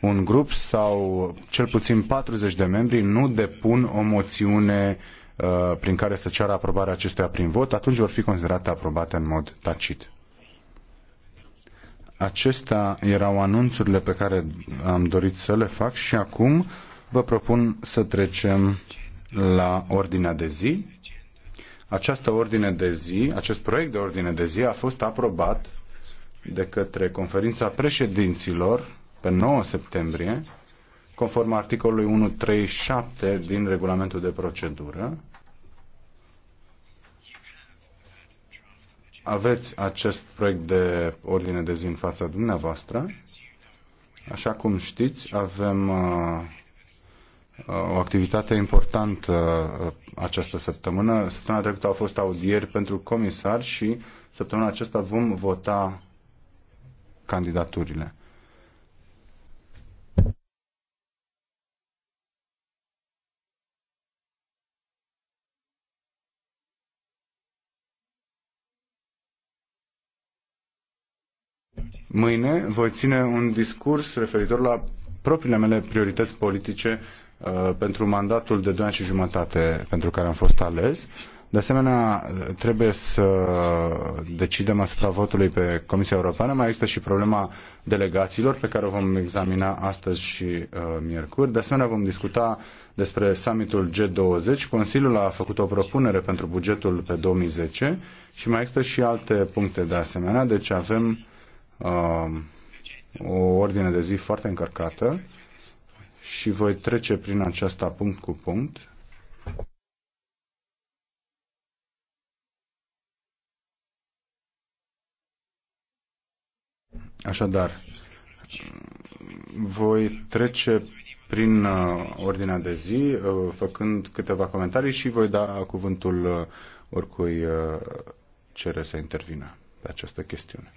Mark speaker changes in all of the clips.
Speaker 1: un grup sau cel puțin 40 de membri nu depun o moțiune uh, prin care să ceară aprobarea acestuia prin vot, atunci vor fi considerate aprobate în mod tacit. Acestea erau anunțurile pe care am dorit să le fac și acum vă propun să trecem la ordinea de zi. Această ordine de zi, acest proiect de ordine de zi a fost aprobat de către conferința președinților pe 9 septembrie, conform articolului 137 din regulamentul de procedură. Aveți acest proiect de ordine de zi în fața dumneavoastră. Așa cum știți, avem uh, uh o activitate importantă uh, această săptămână. Săptămâna trecută au fost audieri pentru comisar și săptămâna aceasta vom vota candidaturile. Mâine voi ține un discurs referitor la propriile mele priorități politice uh, pentru mandatul de 2 ani și jumătate pentru care am fost ales. De asemenea, trebuie să decidem asupra votului pe Comisia Europeană. Mai există și problema delegațiilor pe care o vom examina astăzi și uh, miercuri. De asemenea, vom discuta despre summitul G20. Consiliul a făcut o propunere pentru bugetul pe 2010 și mai există și alte puncte de asemenea. Deci avem Um, o ordine de zi foarte încărcată și voi trece prin aceasta punct cu punct. Așadar, voi trece prin uh, ordinea de zi, uh, făcând câteva comentarii și voi da cuvântul uh, oricui cere să intervină pe această chestiune.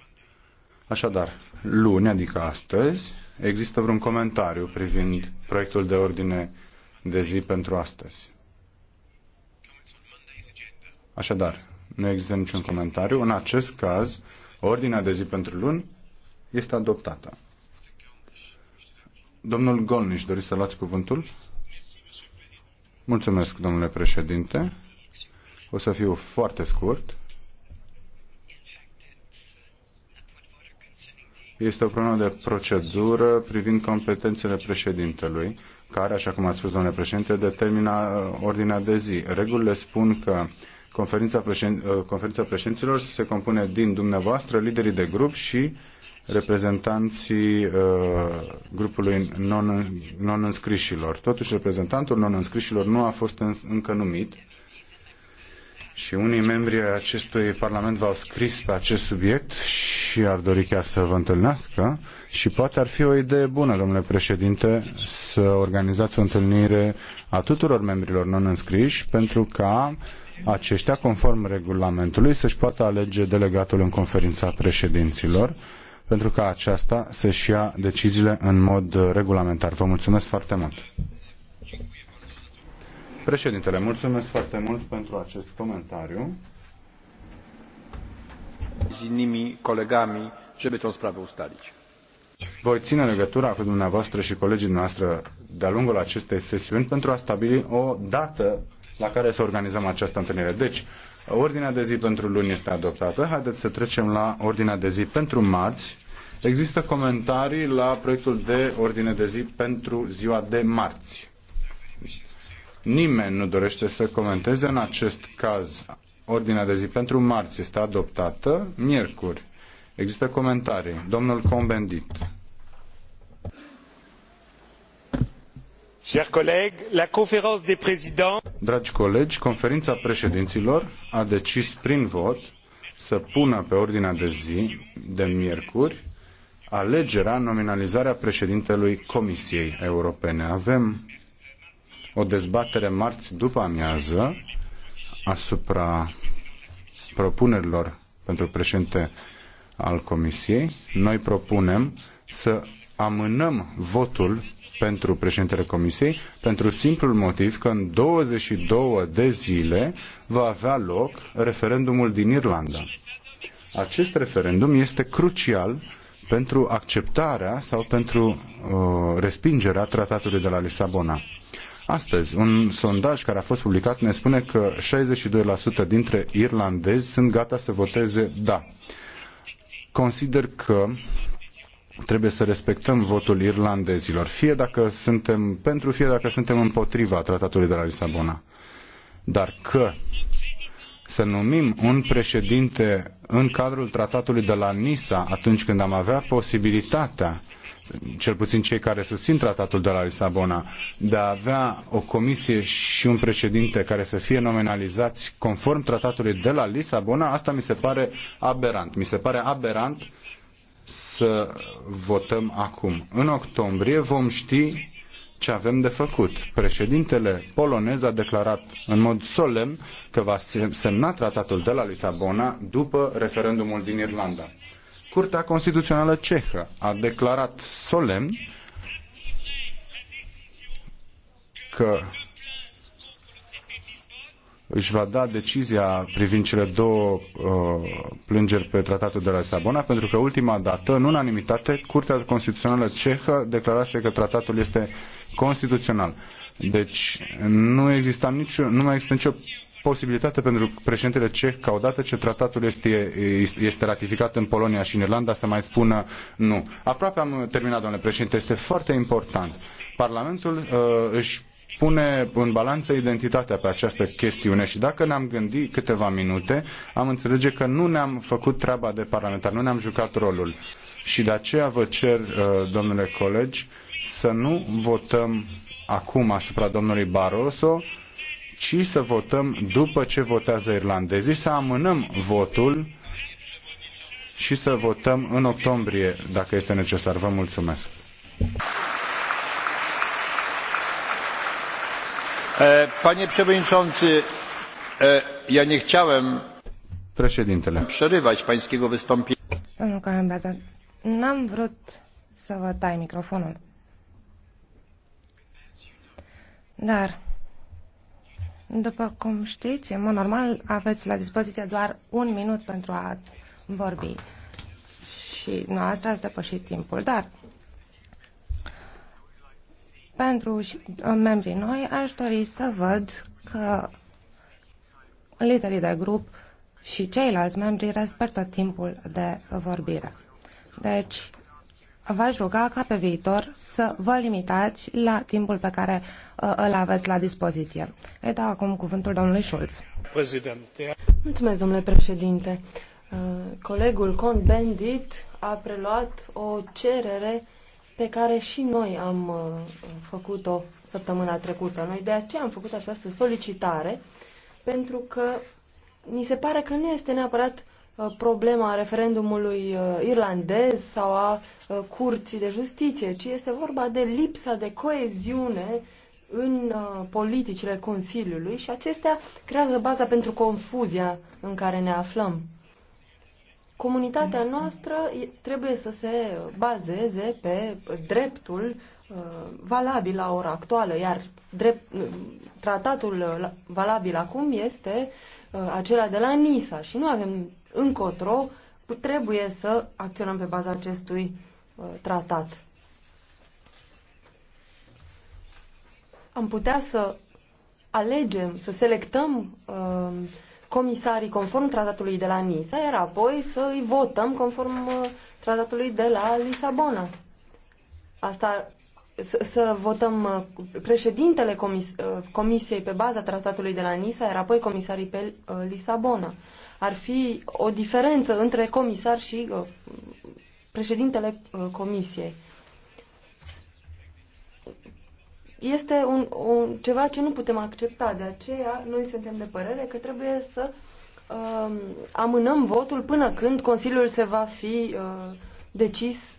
Speaker 1: Așadar, luni, adică astăzi, există vreun comentariu privind proiectul de ordine de zi pentru astăzi? Așadar, nu există niciun comentariu. În acest caz, ordinea de zi pentru luni este adoptată. Domnul Golniș, doriți să luați cuvântul? Mulțumesc, domnule președinte. O să fiu foarte scurt. este o problemă de procedură privind competențele președintelui, care, așa cum ați spus, domnule președinte, determina uh, ordinea de zi. Regulile spun că conferința, președin, uh, conferința președinților se compune din dumneavoastră, liderii de grup și reprezentanții uh, grupului non, non-înscrișilor. Totuși, reprezentantul non-înscrișilor nu a fost în, încă numit și unii membri ai acestui Parlament v-au scris pe acest subiect și ar dori chiar să vă întâlnească și poate ar fi o idee bună, domnule președinte, să organizați o întâlnire a tuturor membrilor non-înscriși pentru ca aceștia, conform regulamentului, să-și poată alege delegatul în conferința președinților pentru ca aceasta să-și ia deciziile în mod regulamentar. Vă mulțumesc foarte mult! Președintele, mulțumesc foarte mult pentru acest comentariu. Zinimi, colegami, ce beton sprave ustalici. Voi ține legătura cu dumneavoastră și colegii noastre de-a lungul acestei sesiuni pentru a stabili o dată la care să organizăm această întâlnire. Deci, ordinea de zi pentru luni este adoptată. Haideți să trecem la ordinea de zi pentru marți. Există comentarii la proiectul de ordine de zi pentru ziua de marți. Nimeni nu dorește să comenteze în acest caz. Ordinea de zi pentru marți este adoptată. Miercuri. Există comentarii. Domnul Combendit. Dragi colegi, conferința președinților a decis prin vot să pună pe ordinea de zi de miercuri alegerea, nominalizarea președintelui Comisiei Europene. Avem o dezbatere marți după amiază asupra propunerilor pentru președinte al Comisiei. Noi propunem să amânăm votul pentru președintele Comisiei pentru simplul motiv că în 22 de zile va avea loc referendumul din Irlanda. Acest referendum este crucial pentru acceptarea sau pentru uh, respingerea tratatului de la Lisabona. Astăzi, un sondaj care a fost publicat ne spune că 62% dintre irlandezi sunt gata să voteze da. Consider că trebuie să respectăm votul irlandezilor, fie dacă suntem pentru, fie dacă suntem împotriva tratatului de la Lisabona. Dar că să numim un președinte în cadrul tratatului de la Nisa atunci când am avea posibilitatea cel puțin cei care susțin tratatul de la Lisabona, de a avea o comisie și un președinte care să fie nominalizați conform tratatului de la Lisabona, asta mi se pare aberant. Mi se pare aberant să votăm acum. În octombrie vom ști ce avem de făcut. Președintele polonez a declarat în mod solemn că va semna tratatul de la Lisabona după referendumul din Irlanda. Curtea Constituțională Cehă a declarat solemn că își va da decizia privind cele două uh, plângeri pe tratatul de la Sabona, pentru că ultima dată, în unanimitate, Curtea Constituțională Cehă declarase că tratatul este constituțional. Deci nu, exista nicio, nu mai există nicio posibilitate pentru președintele ceh ca odată ce tratatul este, este ratificat în Polonia și în Irlanda să mai spună nu. Aproape am terminat, domnule președinte, este foarte important. Parlamentul uh, își pune în balanță identitatea pe această chestiune și dacă ne-am gândit câteva minute, am înțelege că nu ne-am făcut treaba de parlamentar, nu ne-am jucat rolul. Și de aceea vă cer, uh, domnule colegi, să nu votăm acum asupra domnului Barroso, ci să votăm după ce votează irlandezii, să amânăm votul și să votăm în octombrie, dacă este necesar. Vă mulțumesc. Panie Przewodniczący, ja nie chciałem Președintele. przerywać pańskiego wystąpienia.
Speaker 2: Domnul Calembeta, n-am vrut să vă tai microfonul. Dar după cum știți, în mod normal aveți la dispoziție doar un minut pentru a vorbi. Și noastră ați depășit timpul, dar pentru uh, membrii noi aș dori să văd că liderii de grup și ceilalți membri respectă timpul de vorbire. Deci, v-aș ruga ca pe viitor să vă limitați la timpul pe care uh, îl aveți la dispoziție. Îi dau acum
Speaker 3: cuvântul domnului Schulz.
Speaker 1: Președinte.
Speaker 3: Mulțumesc, domnule președinte. Uh, colegul Con Bendit a preluat o cerere pe care și noi am uh, făcut-o săptămâna trecută. Noi de aceea am făcut această solicitare, pentru că ni se pare că nu este neapărat Uh, problema referendumului uh, irlandez sau a uh, curții de justiție, ci este vorba de lipsa de coeziune în politicile Consiliului și acestea creează baza pentru confuzia în care ne aflăm. Comunitatea noastră trebuie să se bazeze pe dreptul valabil la ora actuală, iar drept, tratatul valabil acum este Uh, acela de la NISA și nu avem încotro, trebuie să acționăm pe baza acestui uh, tratat. Am putea să alegem, să selectăm uh, comisarii conform tratatului de la Nisa, iar apoi să îi votăm conform uh, tratatului de la Lisabona. Asta să, votăm uh, președintele comis, uh, Comisiei pe baza tratatului de la Nisa, iar apoi comisarii pe uh, Lisabona. Ar fi o diferență între comisar și președintele Comisiei. Este un, un, ceva ce nu putem accepta, de aceea noi suntem de părere că trebuie să amânăm votul până când Consiliul se va fi uh, decis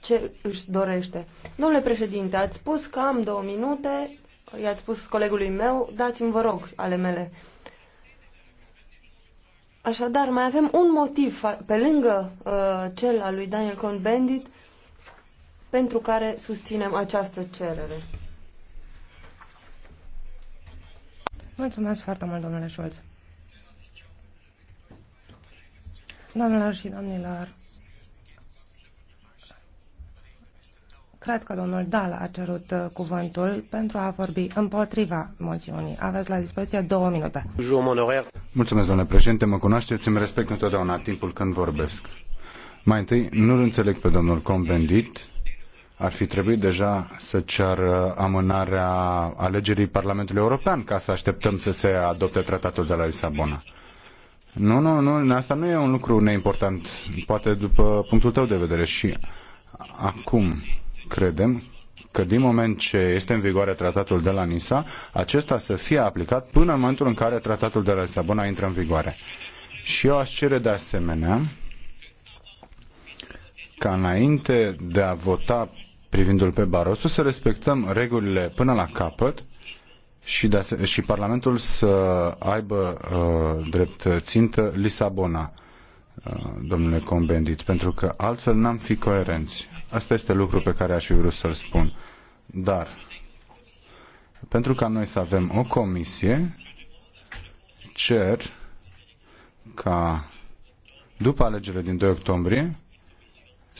Speaker 3: ce își dorește. Domnule președinte, ați spus că am două minute, i-ați spus colegului meu, dați-mi vă rog ale mele. Așadar, mai avem un motiv pe lângă uh, cel al lui Daniel Cohn-Bendit pentru care susținem această cerere.
Speaker 2: Mulțumesc foarte mult, domnule Scholz. Doamnelor și domnilor, Cred că domnul Dal a cerut uh, cuvântul pentru a vorbi împotriva moțiunii. Aveți la dispoziție două minute.
Speaker 1: Mulțumesc, domnule președinte. Mă cunoașteți, îmi respect întotdeauna timpul când vorbesc. Mai întâi, nu-l înțeleg pe domnul Combendit. Ar fi trebuit deja să ceară amânarea alegerii Parlamentului European ca să așteptăm să se adopte tratatul de la Lisabona. Nu, nu, nu, asta nu e un lucru neimportant, poate după punctul tău de vedere și acum credem că din moment ce este în vigoare tratatul de la Nisa, acesta să fie aplicat până în momentul în care tratatul de la Lisabona intră în vigoare. Și eu aș cere de asemenea ca înainte de a vota privindul pe Barosu să respectăm regulile până la capăt și, de și Parlamentul să aibă uh, drept țintă Lisabona. Uh, domnule Combendit, pentru că altfel n-am fi coerenți. Asta este lucru pe care aș fi vrut să-l spun. Dar, pentru ca noi să avem o comisie, cer ca după alegerile din 2 octombrie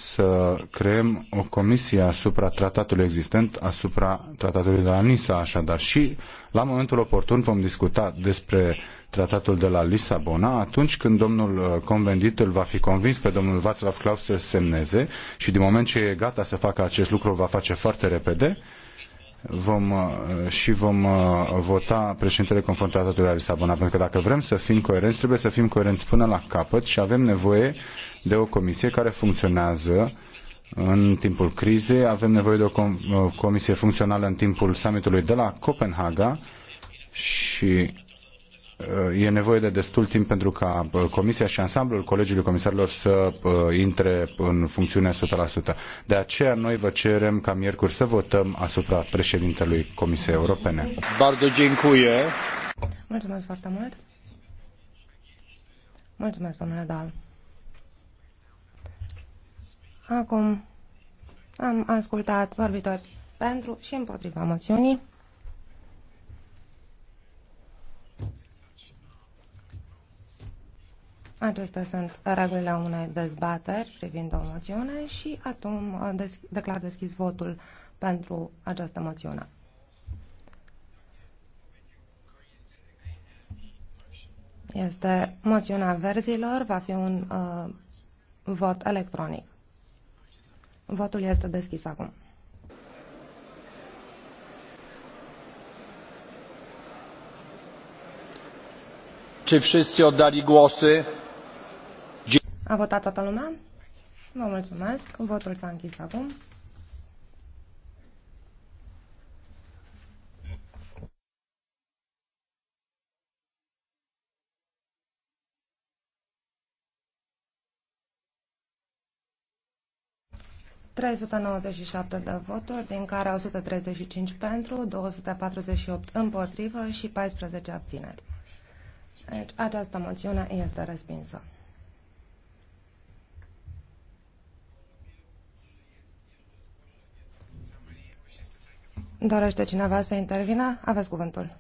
Speaker 1: să creăm o comisie asupra tratatului existent, asupra tratatului de la Nisa, așadar. Și la momentul oportun vom discuta despre tratatul de la Lisabona, atunci când domnul uh, convendit îl va fi convins pe domnul Václav Klaus să semneze și din moment ce e gata să facă acest lucru, va face foarte repede, vom, uh, și vom uh, vota președintele conform tratatului de la Lisabona. Pentru că dacă vrem să fim coerenți, trebuie să fim coerenți până la capăt și avem nevoie de o comisie care funcționează în timpul crizei. Avem nevoie de o comisie funcțională în timpul summitului de la Copenhaga și uh, e nevoie de destul timp pentru ca uh, comisia și ansamblul colegiului comisarilor să uh, intre în funcțiune 100%. De aceea noi vă cerem ca miercuri să votăm asupra președintelui Comisiei Europene. Bardzo dziękuję.
Speaker 2: Mulțumesc foarte mult. Mulțumesc, domnule Dal. Acum am ascultat vorbitori pentru și împotriva moțiunii. Acestea sunt regulile unei dezbateri privind o moțiune și atunci uh, declar deschis votul pentru această moțiune. Este moțiunea verzilor, va fi un uh, vot electronic. Votul este deschis acum.
Speaker 1: Czy wszyscy
Speaker 2: oddali głosy? A votat toată lumea? Vă mulțumesc. Votul s-a închis acum. 397 de voturi, din care 135 pentru, 248 împotrivă și 14 abțineri. Deci, această moțiune este respinsă. Dorește cineva să intervină? Aveți cuvântul.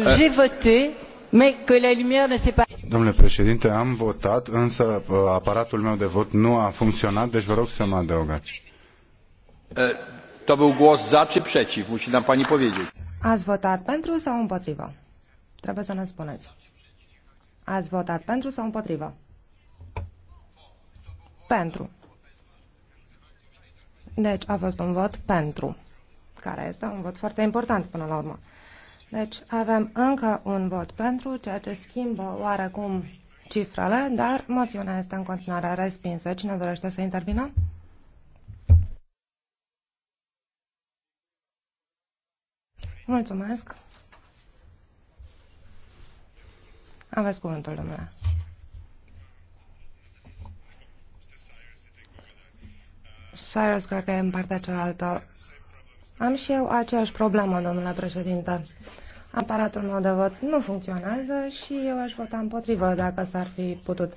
Speaker 3: J'ai voté, mais que la lumière ne s'est pas... Domnule
Speaker 1: președinte, am votat, însă uh, aparatul meu de vot nu a funcționat, deci vă rog să mă adăugați. Uh, to był głos za czy przeciw? Musi nam pani powiedzieć.
Speaker 2: Ați votat pentru sau împotriva? Trebuie să ne spuneți. Ați votat pentru sau împotriva? Pentru. Deci a fost un vot pentru, care este un vot foarte important până la urmă. Deci avem încă un vot pentru, ceea ce schimbă oarecum cifrele, dar moțiunea este în continuare respinsă. Cine dorește să intervină? Mulțumesc. Aveți cuvântul, domnule. Cyrus, cred că e în partea cealaltă. Am și eu aceeași problemă, domnule președinte. Aparatul meu de vot nu funcționează și eu aș vota împotrivă dacă s-ar fi putut.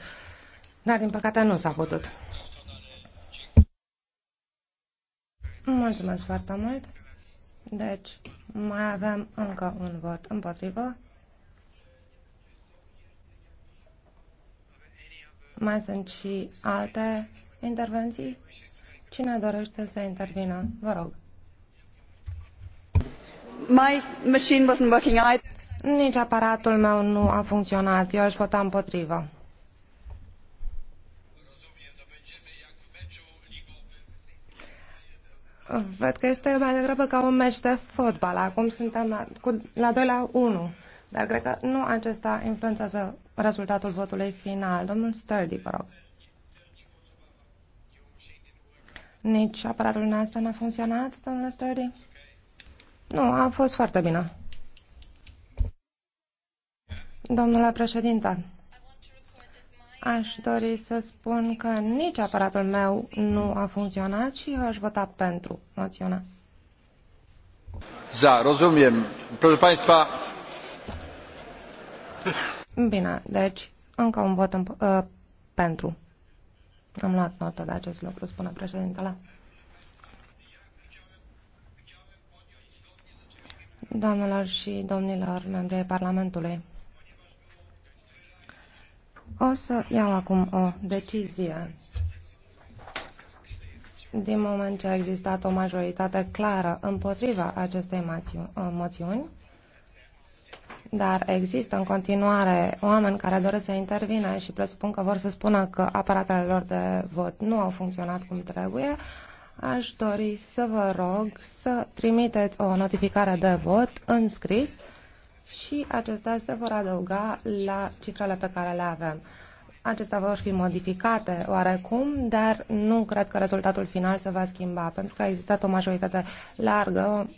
Speaker 2: Dar, din păcate, nu s-a putut. Mulțumesc foarte mult. Deci, mai avem încă un vot împotrivă. Mai sunt și alte intervenții? Cine dorește să intervină? Vă rog. My machine wasn't working. Nici aparatul meu nu a funcționat. Eu aș vota împotrivă. Văd că este mai degrabă ca un meci de fotbal. Acum suntem la, cu, la 2 la 1. Dar cred că nu acesta influențează rezultatul votului final. Domnul Sturdy, vă rog. Nici aparatul nostru n-a funcționat, domnule Sturdy? Nu, a fost foarte bine. Domnule președinte, aș dori să spun că nici aparatul meu nu a funcționat și eu aș vota pentru moțiunea.
Speaker 1: Za, rozumiem. Proszę Państwa...
Speaker 2: Bine, deci încă un vot în, uh, pentru. Am luat notă de acest lucru, spune președintele. Doamnelor și domnilor membri ai Parlamentului, o să iau acum o decizie. Din moment ce a existat o majoritate clară împotriva acestei uh, moțiuni, dar există în continuare oameni care doresc să intervină și presupun că vor să spună că aparatele lor de vot nu au funcționat cum trebuie, aș dori să vă rog să trimiteți o notificare de vot în scris și acestea se vor adăuga la cifrele pe care le avem. Acestea vor fi modificate oarecum, dar nu cred că rezultatul final se va schimba, pentru că a existat o majoritate largă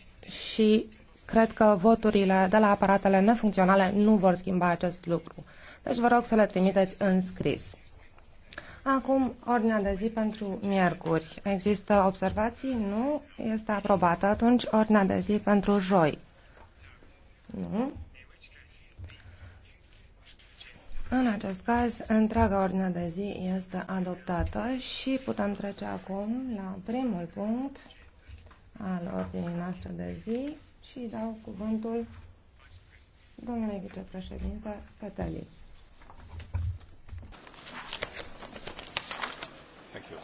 Speaker 2: și cred că voturile de la aparatele nefuncționale nu vor schimba acest lucru. Deci vă rog să le trimiteți în scris. Acum, ordinea de zi pentru miercuri. Există observații? Nu. Este aprobată. Atunci, ordinea de zi pentru joi. Nu. În acest caz, întreaga ordine de zi este adoptată și putem trece acum la primul punct al ordinii noastre de zi și dau cuvântul domnului vicepreședinte Cătălin.
Speaker 3: Thank you.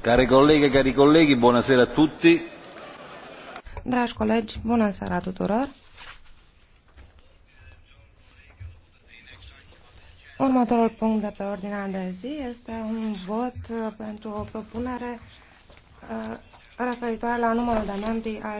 Speaker 1: Care colleghe, cari colleghi, buonasera a tutti.
Speaker 2: Dragi colegi, buonasera a tuturor. Următorul punct de pe ordinea de zi este un vot uh, pentru o propunere uh, referitoare la numărul de membri al